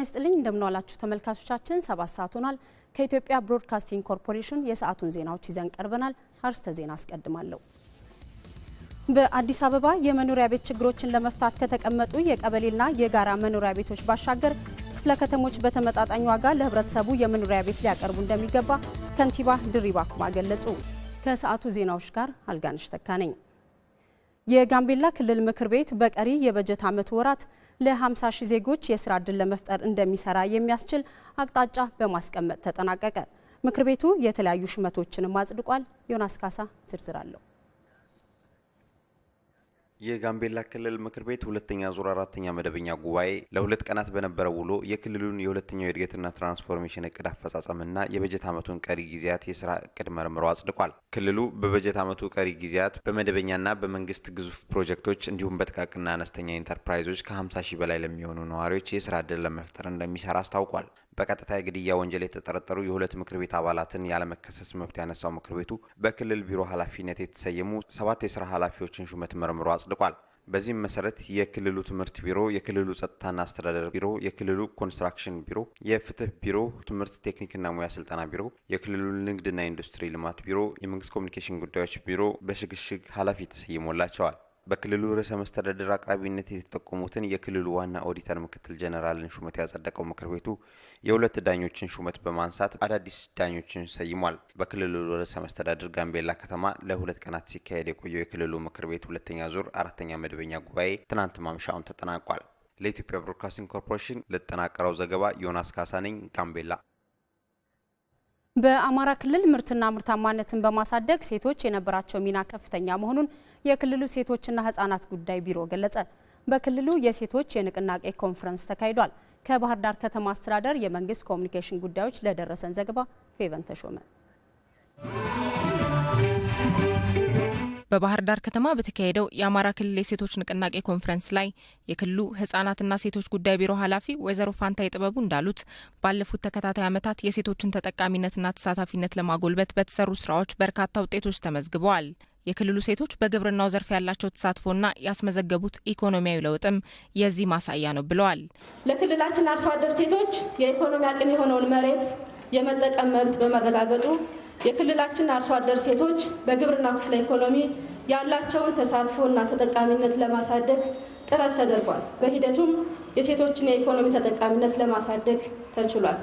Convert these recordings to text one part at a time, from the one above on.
ጤና ይስጥልኝ ተመልካቾቻችን። ሰባት ሰዓት ሆኗል። ከኢትዮጵያ ብሮድካስቲንግ ኮርፖሬሽን የሰዓቱን ዜናዎች ይዘን ቀርበናል። አርስተ ዜና አስቀድማለሁ። በአዲስ አበባ የመኖሪያ ቤት ችግሮችን ለመፍታት ከተቀመጡ የቀበሌና የጋራ መኖሪያ ቤቶች ባሻገር ክፍለ ከተሞች በተመጣጣኝ ዋጋ ለህብረተሰቡ የመኖሪያ ቤት ሊያቀርቡ እንደሚገባ ከንቲባ ድሪባ ኩማ ገለጹ። ከሰዓቱ ዜናዎች ጋር አልጋንሽ ተካ ነኝ። የጋምቤላ ክልል ምክር ቤት በቀሪ የበጀት ዓመት ወራት ለ50 ሺህ ዜጎች የስራ ዕድል ለመፍጠር እንደሚሰራ የሚያስችል አቅጣጫ በማስቀመጥ ተጠናቀቀ። ምክር ቤቱ የተለያዩ ሹመቶችንም አጽድቋል። ዮናስ ካሳ ዝርዝር አለው። የጋምቤላ ክልል ምክር ቤት ሁለተኛ ዙር አራተኛ መደበኛ ጉባኤ ለሁለት ቀናት በነበረው ውሎ የክልሉን የሁለተኛው የእድገትና ትራንስፎርሜሽን እቅድ አፈጻጸምና የበጀት ዓመቱን ቀሪ ጊዜያት የስራ እቅድ መርምሮ አጽድቋል። ክልሉ በበጀት ዓመቱ ቀሪ ጊዜያት በመደበኛና በመንግስት ግዙፍ ፕሮጀክቶች እንዲሁም በጥቃቅና አነስተኛ ኢንተርፕራይዞች ከ50 ሺህ በላይ ለሚሆኑ ነዋሪዎች የስራ እድል ለመፍጠር እንደሚሰራ አስታውቋል። በቀጥታ የግድያ ወንጀል የተጠረጠሩ የሁለት ምክር ቤት አባላትን ያለመከሰስ መብት ያነሳው ምክር ቤቱ በክልል ቢሮ ኃላፊነት የተሰየሙ ሰባት የስራ ኃላፊዎችን ሹመት መርምሮ አጽድቋል። በዚህም መሰረት የክልሉ ትምህርት ቢሮ፣ የክልሉ ጸጥታና አስተዳደር ቢሮ፣ የክልሉ ኮንስትራክሽን ቢሮ፣ የፍትህ ቢሮ፣ ትምህርት ቴክኒክና ሙያ ስልጠና ቢሮ፣ የክልሉ ንግድና ኢንዱስትሪ ልማት ቢሮ፣ የመንግስት ኮሚኒኬሽን ጉዳዮች ቢሮ በሽግሽግ ኃላፊ ተሰይሞላቸዋል። በክልሉ ርዕሰ መስተዳድር አቅራቢነት የተጠቆሙትን የክልሉ ዋና ኦዲተር ምክትል ጀነራልን ሹመት ያጸደቀው ምክር ቤቱ የሁለት ዳኞችን ሹመት በማንሳት አዳዲስ ዳኞችን ሰይሟል። በክልሉ ርዕሰ መስተዳድር ጋምቤላ ከተማ ለሁለት ቀናት ሲካሄድ የቆየው የክልሉ ምክር ቤት ሁለተኛ ዙር አራተኛ መደበኛ ጉባኤ ትናንት ማምሻውን ተጠናቋል። ለኢትዮጵያ ብሮድካስቲንግ ኮርፖሬሽን ለተጠናቀረው ዘገባ ዮናስ ካሳነኝ ጋምቤላ። በአማራ ክልል ምርትና ምርታማነትን በማሳደግ ሴቶች የነበራቸው ሚና ከፍተኛ መሆኑን የክልሉ ሴቶችና ህጻናት ጉዳይ ቢሮ ገለጸ። በክልሉ የሴቶች የንቅናቄ ኮንፈረንስ ተካሂዷል። ከባህር ዳር ከተማ አስተዳደር የመንግስት ኮሚኒኬሽን ጉዳዮች ለደረሰን ዘገባ ፌቨን ተሾመ በባህር ዳር ከተማ በተካሄደው የአማራ ክልል የሴቶች ንቅናቄ ኮንፈረንስ ላይ የክልሉ ህጻናትና ሴቶች ጉዳይ ቢሮ ኃላፊ ወይዘሮ ፋንታ የጥበቡ እንዳሉት ባለፉት ተከታታይ ዓመታት የሴቶችን ተጠቃሚነትና ተሳታፊነት ለማጎልበት በተሰሩ ስራዎች በርካታ ውጤቶች ተመዝግበዋል። የክልሉ ሴቶች በግብርናው ዘርፍ ያላቸው ተሳትፎና ያስመዘገቡት ኢኮኖሚያዊ ለውጥም የዚህ ማሳያ ነው ብለዋል። ለክልላችን አርሶ አደር ሴቶች የኢኮኖሚ አቅም የሆነውን መሬት የመጠቀም መብት በመረጋገጡ የክልላችን አርሶ አደር ሴቶች በግብርና ክፍለ ኢኮኖሚ ያላቸውን እና ተጠቃሚነት ለማሳደግ ጥረት ተደርጓል። በሂደቱም የሴቶችን የኢኮኖሚ ተጠቃሚነት ለማሳደግ ተችሏል።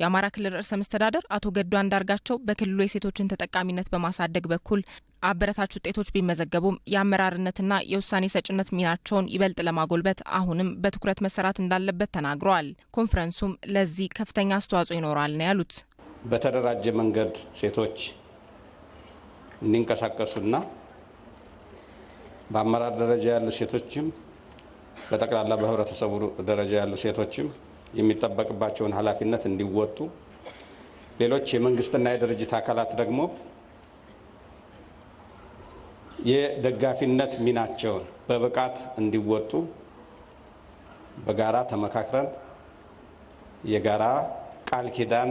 የአማራ ክልል ርዕሰ መስተዳደር አቶ ገዱ አንዳርጋቸው በክልሉ የሴቶችን ተጠቃሚነት በማሳደግ በኩል አበረታች ውጤቶች ቢመዘገቡም የአመራርነትና የውሳኔ ሰጭነት ሚናቸውን ይበልጥ ለማጎልበት አሁንም በትኩረት መሰራት እንዳለበት ተናግረዋል። ኮንፈረንሱም ለዚህ ከፍተኛ አስተዋጽኦ ይኖራል ነው ያሉት። በተደራጀ መንገድ ሴቶች እንዲንቀሳቀሱና በአመራር ደረጃ ያሉ ሴቶችም በጠቅላላ በህብረተሰቡ ደረጃ ያሉ ሴቶችም የሚጠበቅባቸውን ኃላፊነት እንዲወጡ ሌሎች የመንግስትና የድርጅት አካላት ደግሞ የደጋፊነት ሚናቸውን በብቃት እንዲወጡ በጋራ ተመካክረን የጋራ ቃል ኪዳን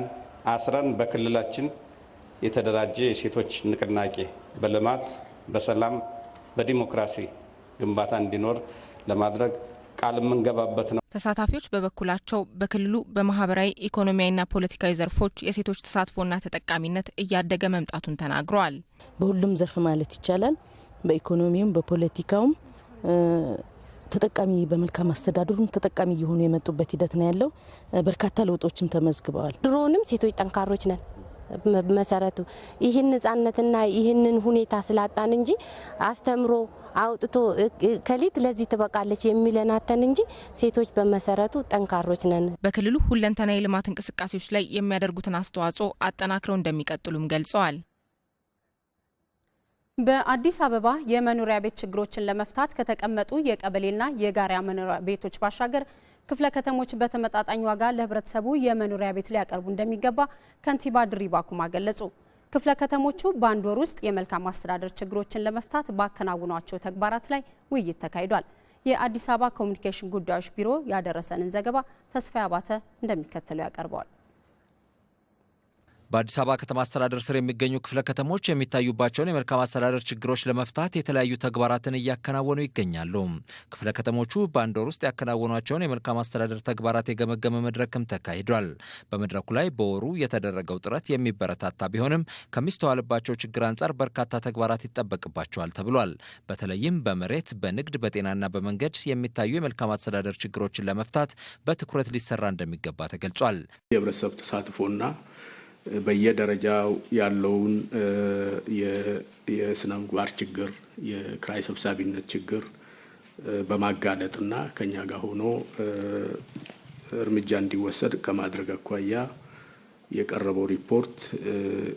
አስረን በክልላችን የተደራጀ የሴቶች ንቅናቄ በልማት በሰላም በዲሞክራሲ ግንባታ እንዲኖር ለማድረግ ቃል የምንገባበት ነው። ተሳታፊዎች በበኩላቸው በክልሉ በማህበራዊ ኢኮኖሚያዊና ፖለቲካዊ ዘርፎች የሴቶች ተሳትፎና ተጠቃሚነት እያደገ መምጣቱን ተናግረዋል። በሁሉም ዘርፍ ማለት ይቻላል በኢኮኖሚውም በፖለቲካውም ተጠቃሚ በመልካም አስተዳደሩም ተጠቃሚ እየሆኑ የመጡበት ሂደት ነው ያለው። በርካታ ለውጦችም ተመዝግበዋል። ድሮውንም ሴቶች ጠንካሮች ነን መሰረቱ ይህን ነጻነትና ይህንን ሁኔታ ስላጣን እንጂ አስተምሮ አውጥቶ ከሊት ለዚህ ትበቃለች የሚለናተን እንጂ ሴቶች በመሰረቱ ጠንካሮች ነን። በክልሉ ሁለንተና የልማት እንቅስቃሴዎች ላይ የሚያደርጉትን አስተዋጽኦ አጠናክረው እንደሚቀጥሉም ገልጸዋል። በአዲስ አበባ የመኖሪያ ቤት ችግሮችን ለመፍታት ከተቀመጡ የቀበሌና የጋራ መኖሪያ ቤቶች ባሻገር ክፍለ ከተሞች በተመጣጣኝ ዋጋ ለህብረተሰቡ የመኖሪያ ቤት ሊያቀርቡ እንደሚገባ ከንቲባ ድሪባ ኩማ ገለጹ። ክፍለ ከተሞቹ በአንድ ወር ውስጥ የመልካም አስተዳደር ችግሮችን ለመፍታት ባከናውኗቸው ተግባራት ላይ ውይይት ተካሂዷል። የአዲስ አበባ ኮሚኒኬሽን ጉዳዮች ቢሮ ያደረሰንን ዘገባ ተስፋ አባተ እንደሚከተለው ያቀርበዋል። በአዲስ አበባ ከተማ አስተዳደር ስር የሚገኙ ክፍለ ከተሞች የሚታዩባቸውን የመልካም አስተዳደር ችግሮች ለመፍታት የተለያዩ ተግባራትን እያከናወኑ ይገኛሉ። ክፍለ ከተሞቹ በአንድ ወር ውስጥ ያከናወኗቸውን የመልካም አስተዳደር ተግባራት የገመገመ መድረክም ተካሂዷል። በመድረኩ ላይ በወሩ የተደረገው ጥረት የሚበረታታ ቢሆንም ከሚስተዋልባቸው ችግር አንጻር በርካታ ተግባራት ይጠበቅባቸዋል ተብሏል። በተለይም በመሬት በንግድ፣ በጤናና በመንገድ የሚታዩ የመልካም አስተዳደር ችግሮችን ለመፍታት በትኩረት ሊሰራ እንደሚገባ ተገልጿል። የህብረተሰብ ተሳትፎና በየደረጃው ያለውን የስነ ምግባር ችግር፣ የክራይ ሰብሳቢነት ችግር በማጋለጥና ከኛ ጋር ሆኖ እርምጃ እንዲወሰድ ከማድረግ አኳያ የቀረበው ሪፖርት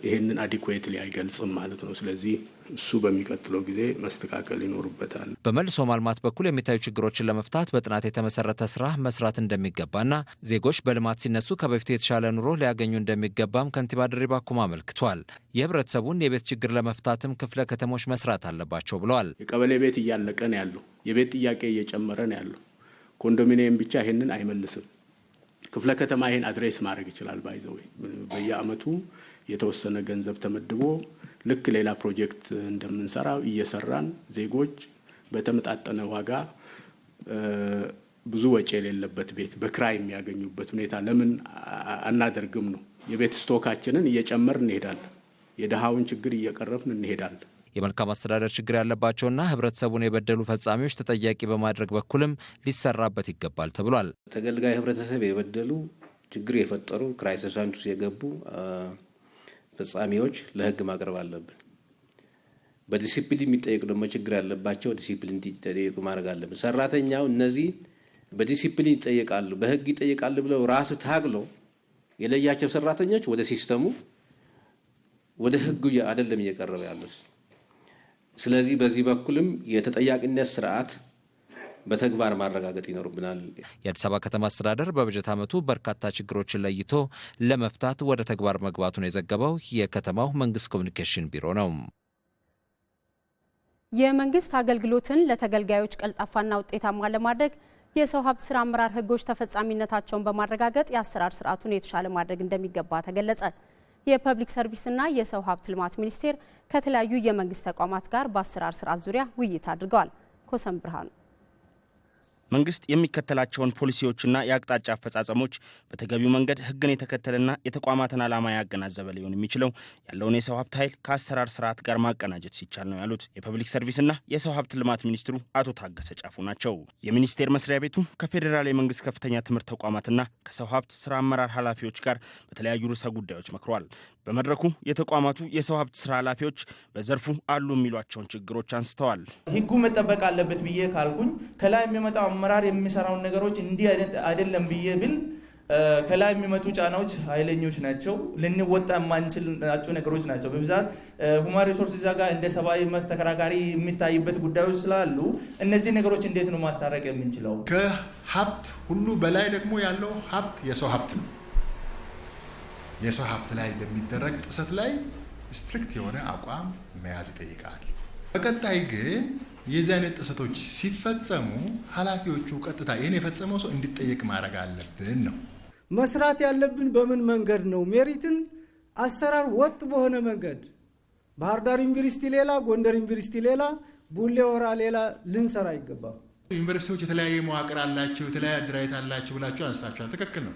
ይህንን አዲኩዌትሊ አይገልጽም ማለት ነው። ስለዚህ እሱ በሚቀጥለው ጊዜ መስተካከል ይኖርበታል። በመልሶ ማልማት በኩል የሚታዩ ችግሮችን ለመፍታት በጥናት የተመሰረተ ስራ መስራት እንደሚገባና ዜጎች በልማት ሲነሱ ከበፊቱ የተሻለ ኑሮ ሊያገኙ እንደሚገባም ከንቲባ ድሪባ ኩማ አመልክቷል። የህብረተሰቡን የቤት ችግር ለመፍታትም ክፍለ ከተሞች መስራት አለባቸው ብለዋል። የቀበሌ ቤት እያለቀ ነው ያለው። የቤት ጥያቄ እየጨመረ ነው ያለው። ኮንዶሚኒየም ብቻ ይህንን አይመልስም። ክፍለ ከተማ ይህን አድሬስ ማድረግ ይችላል። ባይዘወይ በየአመቱ የተወሰነ ገንዘብ ተመድቦ ልክ ሌላ ፕሮጀክት እንደምንሰራ እየሰራን ዜጎች በተመጣጠነ ዋጋ ብዙ ወጪ የሌለበት ቤት በክራይ የሚያገኙበት ሁኔታ ለምን አናደርግም ነው። የቤት ስቶካችንን እየጨመር እንሄዳለን። የድሃውን ችግር እየቀረፍን እንሄዳለን። የመልካም አስተዳደር ችግር ያለባቸውና ህብረተሰቡን የበደሉ ፈጻሚዎች ተጠያቂ በማድረግ በኩልም ሊሰራበት ይገባል ተብሏል። ተገልጋይ ህብረተሰብ የበደሉ ችግር የፈጠሩ ክራይ የገቡ ፈጻሚዎች ለህግ ማቅረብ አለብን። በዲሲፕሊን የሚጠይቅ ደግሞ ችግር ያለባቸው ዲሲፕሊን እንዲጠየቁ ማድረግ አለብን። ሰራተኛው እነዚህ በዲሲፕሊን ይጠየቃሉ፣ በህግ ይጠየቃሉ ብለው ራሱ ታግሎ የለያቸው ሰራተኞች ወደ ሲስተሙ ወደ ህጉ አይደለም እየቀረበ ያሉት። ስለዚህ በዚህ በኩልም የተጠያቂነት ስርዓት በተግባር ማረጋገጥ ይኖርብናል። የአዲስ አበባ ከተማ አስተዳደር በበጀት ዓመቱ በርካታ ችግሮችን ለይቶ ለመፍታት ወደ ተግባር መግባቱን የዘገበው የከተማው መንግስት ኮሚኒኬሽን ቢሮ ነው። የመንግስት አገልግሎትን ለተገልጋዮች ቀልጣፋና ውጤታማ ለማድረግ የሰው ሀብት ስራ አመራር ህጎች ተፈጻሚነታቸውን በማረጋገጥ የአሰራር ስርዓቱን የተሻለ ማድረግ እንደሚገባ ተገለጸ። የፐብሊክ ሰርቪስና የሰው ሀብት ልማት ሚኒስቴር ከተለያዩ የመንግስት ተቋማት ጋር በአሰራር ስርዓት ዙሪያ ውይይት አድርገዋል። ኮሰም ብርሃኑ መንግስት የሚከተላቸውን ፖሊሲዎችና የአቅጣጫ አፈጻጸሞች በተገቢው መንገድ ህግን የተከተለና የተቋማትን ዓላማ ያገናዘበ ሊሆን የሚችለው ያለውን የሰው ሀብት ኃይል ከአሰራር ስርዓት ጋር ማቀናጀት ሲቻል ነው ያሉት የፐብሊክ ሰርቪስና የሰው ሀብት ልማት ሚኒስትሩ አቶ ታገሰ ጫፉ ናቸው። የሚኒስቴር መስሪያ ቤቱ ከፌዴራል የመንግስት ከፍተኛ ትምህርት ተቋማትና ከሰው ሀብት ስራ አመራር ኃላፊዎች ጋር በተለያዩ ርዕሰ ጉዳዮች መክሯል። በመድረኩ የተቋማቱ የሰው ሀብት ስራ ኃላፊዎች በዘርፉ አሉ የሚሏቸውን ችግሮች አንስተዋል። ህጉ መጠበቅ አለበት ብዬ ካልኩኝ ከላይ የሚመጣው አመራር የሚሰራውን ነገሮች እንዲህ አይደለም ብዬ ብል ከላይ የሚመጡ ጫናዎች ኃይለኞች ናቸው። ልንወጣ የማንችልናቸው ነገሮች ናቸው። በብዛት ሁማን ሪሶርስ እዛ ጋር እንደ ሰብአዊ መብት ተከራካሪ የሚታይበት ጉዳዮች ስላሉ እነዚህ ነገሮች እንዴት ነው ማስታረቅ የምንችለው? ከሀብት ሁሉ በላይ ደግሞ ያለው ሀብት የሰው ሀብት ነው። የሰው ሀብት ላይ በሚደረግ ጥሰት ላይ ስትሪክት የሆነ አቋም መያዝ ይጠይቃል። በቀጣይ ግን የዚህ አይነት ጥሰቶች ሲፈጸሙ ኃላፊዎቹ ቀጥታ ይህን የፈጸመው ሰው እንዲጠየቅ ማድረግ አለብን ነው። መስራት ያለብን በምን መንገድ ነው? ሜሪትን አሰራር ወጥ በሆነ መንገድ ባህር ዳር ዩኒቨርሲቲ ሌላ፣ ጎንደር ዩኒቨርሲቲ ሌላ፣ ቡሌ ሆራ ሌላ ልንሰራ አይገባም። ዩኒቨርሲቲዎች የተለያየ መዋቅር አላቸው፣ የተለያየ አደራጀት አላቸው ብላቸው አንስታችኋል። ትክክል ነው።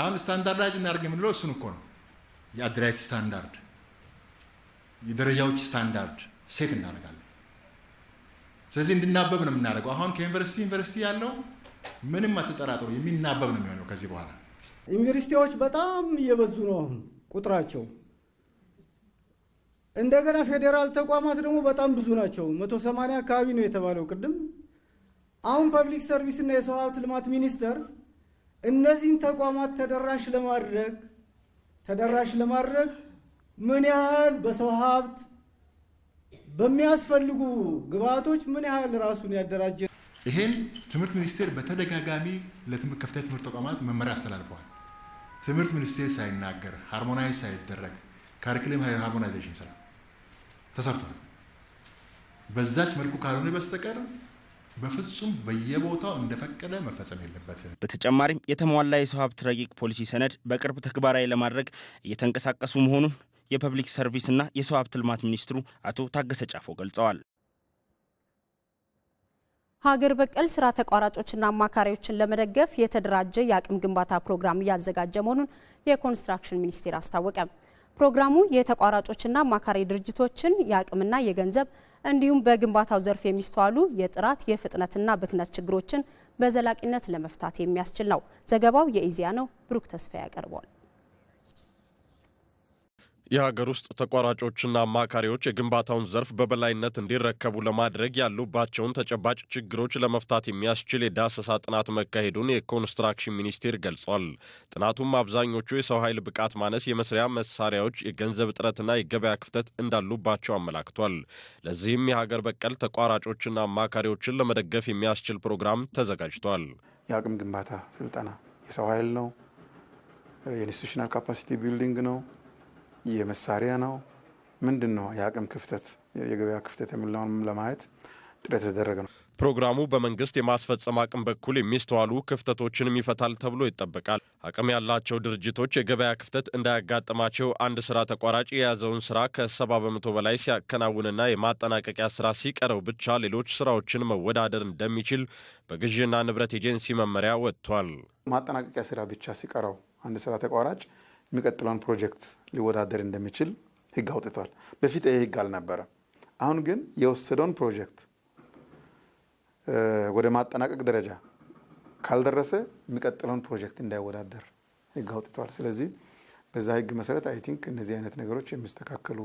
አሁን ስታንዳርዳይዝ እናድርግ የምንለው እሱን እኮ ነው። የአድራይት ስታንዳርድ፣ የደረጃዎች ስታንዳርድ ሴት እናደርጋለን። ስለዚህ እንድናበብ ነው የምናደርገው። አሁን ከዩኒቨርሲቲ ዩኒቨርሲቲ ያለው ምንም አትጠራጥሩ፣ የሚናበብ ነው የሚሆነው ከዚህ በኋላ። ዩኒቨርሲቲዎች በጣም እየበዙ ነው አሁን ቁጥራቸው። እንደገና ፌዴራል ተቋማት ደግሞ በጣም ብዙ ናቸው። መቶ ሰማንያ አካባቢ ነው የተባለው ቅድም። አሁን ፐብሊክ ሰርቪስ እና የሰው ሀብት ልማት ሚኒስቴር እነዚህን ተቋማት ተደራሽ ለማድረግ ተደራሽ ለማድረግ ምን ያህል በሰው ሀብት በሚያስፈልጉ ግብአቶች ምን ያህል ራሱን ያደራጀ ይህን ትምህርት ሚኒስቴር በተደጋጋሚ ለከፍተኛ ትምህርት ተቋማት መመሪያ አስተላልፈዋል። ትምህርት ሚኒስቴር ሳይናገር ሃርሞናይዝ ሳይደረግ ካሪክለም ሃርሞናይዜሽን ስራ ተሰርቷል። በዛች መልኩ ካልሆነ በስተቀር በፍጹም በየቦታው እንደፈቀደ መፈጸም የለበትም። በተጨማሪም የተሟላ የሰው ሀብት ረቂቅ ፖሊሲ ሰነድ በቅርብ ተግባራዊ ለማድረግ እየተንቀሳቀሱ መሆኑን የፐብሊክ ሰርቪስና የሰው ሀብት ልማት ሚኒስትሩ አቶ ታገሰ ጫፎ ገልጸዋል። ሀገር በቀል ስራ ተቋራጮችና አማካሪዎችን ለመደገፍ የተደራጀ የአቅም ግንባታ ፕሮግራም እያዘጋጀ መሆኑን የኮንስትራክሽን ሚኒስቴር አስታወቀ። ፕሮግራሙ የተቋራጮችና አማካሪ ድርጅቶችን የአቅምና የገንዘብ እንዲሁም በግንባታው ዘርፍ የሚስተዋሉ የጥራት የፍጥነትና ብክነት ችግሮችን በዘላቂነት ለመፍታት የሚያስችል ነው። ዘገባው የኢዜአ ነው። ብሩክ ተስፋ ያቀርበዋል። የሀገር ውስጥ ተቋራጮችና አማካሪዎች የግንባታውን ዘርፍ በበላይነት እንዲረከቡ ለማድረግ ያሉባቸውን ተጨባጭ ችግሮች ለመፍታት የሚያስችል የዳሰሳ ጥናት መካሄዱን የኮንስትራክሽን ሚኒስቴር ገልጿል። ጥናቱም አብዛኞቹ የሰው ኃይል ብቃት ማነስ፣ የመስሪያ መሳሪያዎች፣ የገንዘብ እጥረትና የገበያ ክፍተት እንዳሉባቸው አመላክቷል። ለዚህም የሀገር በቀል ተቋራጮችና አማካሪዎችን ለመደገፍ የሚያስችል ፕሮግራም ተዘጋጅቷል። የአቅም ግንባታ ስልጠና የሰው ኃይል ነው። የኢንስቲቱሽናል ካፓሲቲ ቢልዲንግ ነው የመሳሪያ ነው ምንድን ነው የአቅም ክፍተት የገበያ ክፍተት የሚለውን ለማየት ጥረት የተደረገ ነው። ፕሮግራሙ በመንግስት የማስፈጸም አቅም በኩል የሚስተዋሉ ክፍተቶችንም ይፈታል ተብሎ ይጠበቃል። አቅም ያላቸው ድርጅቶች የገበያ ክፍተት እንዳያጋጥማቸው አንድ ስራ ተቋራጭ የያዘውን ስራ ከሰባ በመቶ በላይ ሲያከናውንና የማጠናቀቂያ ስራ ሲቀረው ብቻ ሌሎች ስራዎችን መወዳደር እንደሚችል በግዢና ንብረት ኤጀንሲ መመሪያ ወጥቷል። ማጠናቀቂያ ስራ ብቻ ሲቀረው አንድ ስራ ተቋራጭ የሚቀጥለውን ፕሮጀክት ሊወዳደር እንደሚችል ህግ አውጥቷል። በፊት ይሄ ህግ አልነበረም። አሁን ግን የወሰደውን ፕሮጀክት ወደ ማጠናቀቅ ደረጃ ካልደረሰ የሚቀጥለውን ፕሮጀክት እንዳይወዳደር ህግ አውጥቷል። ስለዚህ በዛ ህግ መሰረት አይ ቲንክ እነዚህ አይነት ነገሮች የሚስተካከሉ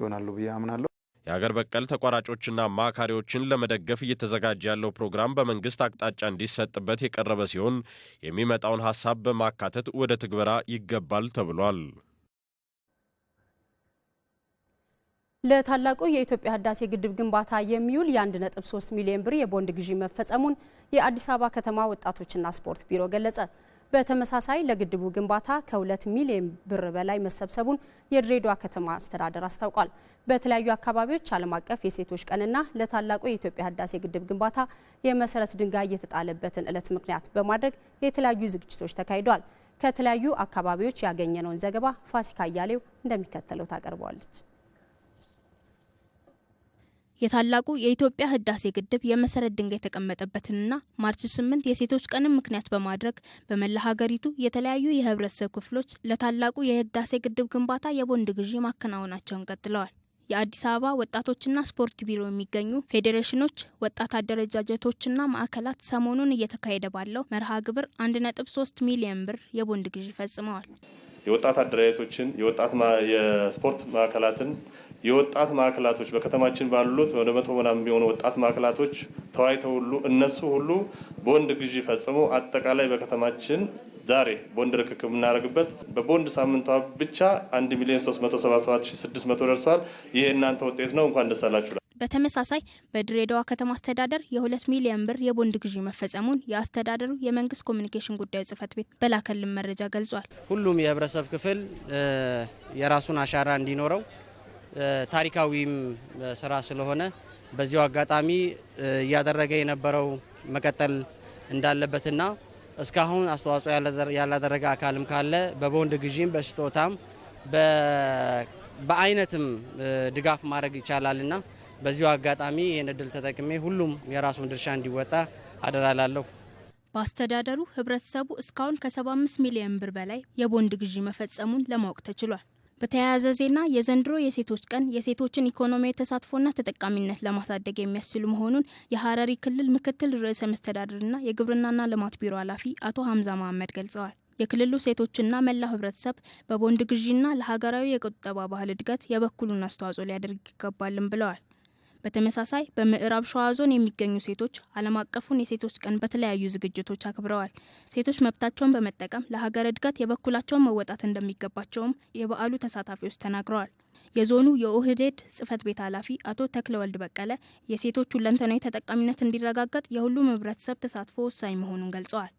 ይሆናሉ ብዬ አምናለሁ። የሀገር በቀል ተቋራጮችና አማካሪዎችን ለመደገፍ እየተዘጋጀ ያለው ፕሮግራም በመንግስት አቅጣጫ እንዲሰጥበት የቀረበ ሲሆን የሚመጣውን ሀሳብ በማካተት ወደ ትግበራ ይገባል ተብሏል። ለታላቁ የኢትዮጵያ ህዳሴ ግድብ ግንባታ የሚውል የ1.3 ሚሊዮን ብር የቦንድ ግዢ መፈጸሙን የአዲስ አበባ ከተማ ወጣቶችና ስፖርት ቢሮ ገለጸ። በተመሳሳይ ለግድቡ ግንባታ ከሁለት ሚሊዮን ብር በላይ መሰብሰቡን የድሬዳዋ ከተማ አስተዳደር አስታውቋል። በተለያዩ አካባቢዎች ዓለም አቀፍ የሴቶች ቀንና ለታላቁ የኢትዮጵያ ህዳሴ ግድብ ግንባታ የመሰረት ድንጋይ የተጣለበትን ዕለት ምክንያት በማድረግ የተለያዩ ዝግጅቶች ተካሂደዋል። ከተለያዩ አካባቢዎች ያገኘነውን ዘገባ ፋሲካ እያሌው እንደሚከተለው ታቀርበዋለች። የታላቁ የኢትዮጵያ ህዳሴ ግድብ የመሰረት ድንጋይ የተቀመጠበትንና ማርች ስምንት የሴቶች ቀንን ምክንያት በማድረግ በመላ ሀገሪቱ የተለያዩ የህብረተሰብ ክፍሎች ለታላቁ የህዳሴ ግድብ ግንባታ የቦንድ ግዢ ማከናወናቸውን ቀጥለዋል። የአዲስ አበባ ወጣቶችና ስፖርት ቢሮ የሚገኙ ፌዴሬሽኖች፣ ወጣት አደረጃጀቶችና ማዕከላት ሰሞኑን እየተካሄደ ባለው መርሃ ግብር 1.3 ሚሊዮን ብር የቦንድ ግዢ ፈጽመዋል። የወጣት አደረጃጀቶችን የወጣት የስፖርት ማዕከላትን የወጣት ማዕከላቶች በከተማችን ባሉት ወደ መቶ ምናምን የሚሆኑ ወጣት ማዕከላቶች ተዋይተው ሁሉ እነሱ ሁሉ ቦንድ ግዢ ፈጽመው አጠቃላይ በከተማችን ዛሬ ቦንድ ርክክብ የምናደርግበት በቦንድ ሳምንቷ ብቻ 1 ሚሊዮን 377600 ደርሷል። ይህ እናንተ ውጤት ነው። እንኳን ደስ አላችሁ። በተመሳሳይ በድሬዳዋ ከተማ አስተዳደር የሁለት ሚሊዮን ብር የቦንድ ግዢ መፈጸሙን የአስተዳደሩ የመንግስት ኮሚኒኬሽን ጉዳዮች ጽህፈት ቤት በላከልን መረጃ ገልጿል። ሁሉም የህብረተሰብ ክፍል የራሱን አሻራ እንዲኖረው ታሪካዊም ስራ ስለሆነ በዚሁ አጋጣሚ እያደረገ የነበረው መቀጠል እንዳለበትና እስካሁን አስተዋጽኦ ያላደረገ አካልም ካለ በቦንድ ግዢም በስጦታም በአይነትም ድጋፍ ማድረግ ይቻላልና በዚሁ አጋጣሚ ይህን እድል ተጠቅሜ ሁሉም የራሱን ድርሻ እንዲወጣ አደራላለሁ። በአስተዳደሩ ህብረተሰቡ እስካሁን ከ75 ሚሊዮን ብር በላይ የቦንድ ግዢ መፈጸሙን ለማወቅ ተችሏል። በተያያዘ ዜና የዘንድሮ የሴቶች ቀን የሴቶችን ኢኮኖሚያዊ ተሳትፎና ተጠቃሚነት ለማሳደግ የሚያስችሉ መሆኑን የሀረሪ ክልል ምክትል ርዕሰ መስተዳድርና የግብርናና ልማት ቢሮ ኃላፊ አቶ ሀምዛ መሐመድ ገልጸዋል። የክልሉ ሴቶችና መላው ህብረተሰብ በቦንድ ግዢና ለሀገራዊ የቁጠባ ባህል እድገት የበኩሉን አስተዋጽኦ ሊያደርግ ይገባልም ብለዋል። በተመሳሳይ በምዕራብ ሸዋ ዞን የሚገኙ ሴቶች ዓለም አቀፉን የሴቶች ቀን በተለያዩ ዝግጅቶች አክብረዋል። ሴቶች መብታቸውን በመጠቀም ለሀገር እድገት የበኩላቸውን መወጣት እንደሚገባቸውም የበዓሉ ተሳታፊዎች ተናግረዋል። የዞኑ የኦህዴድ ጽህፈት ቤት ኃላፊ አቶ ተክለ ወልድ በቀለ የሴቶች ሁለንተናዊ ተጠቃሚነት እንዲረጋገጥ የሁሉም ህብረተሰብ ተሳትፎ ወሳኝ መሆኑን ገልጸዋል።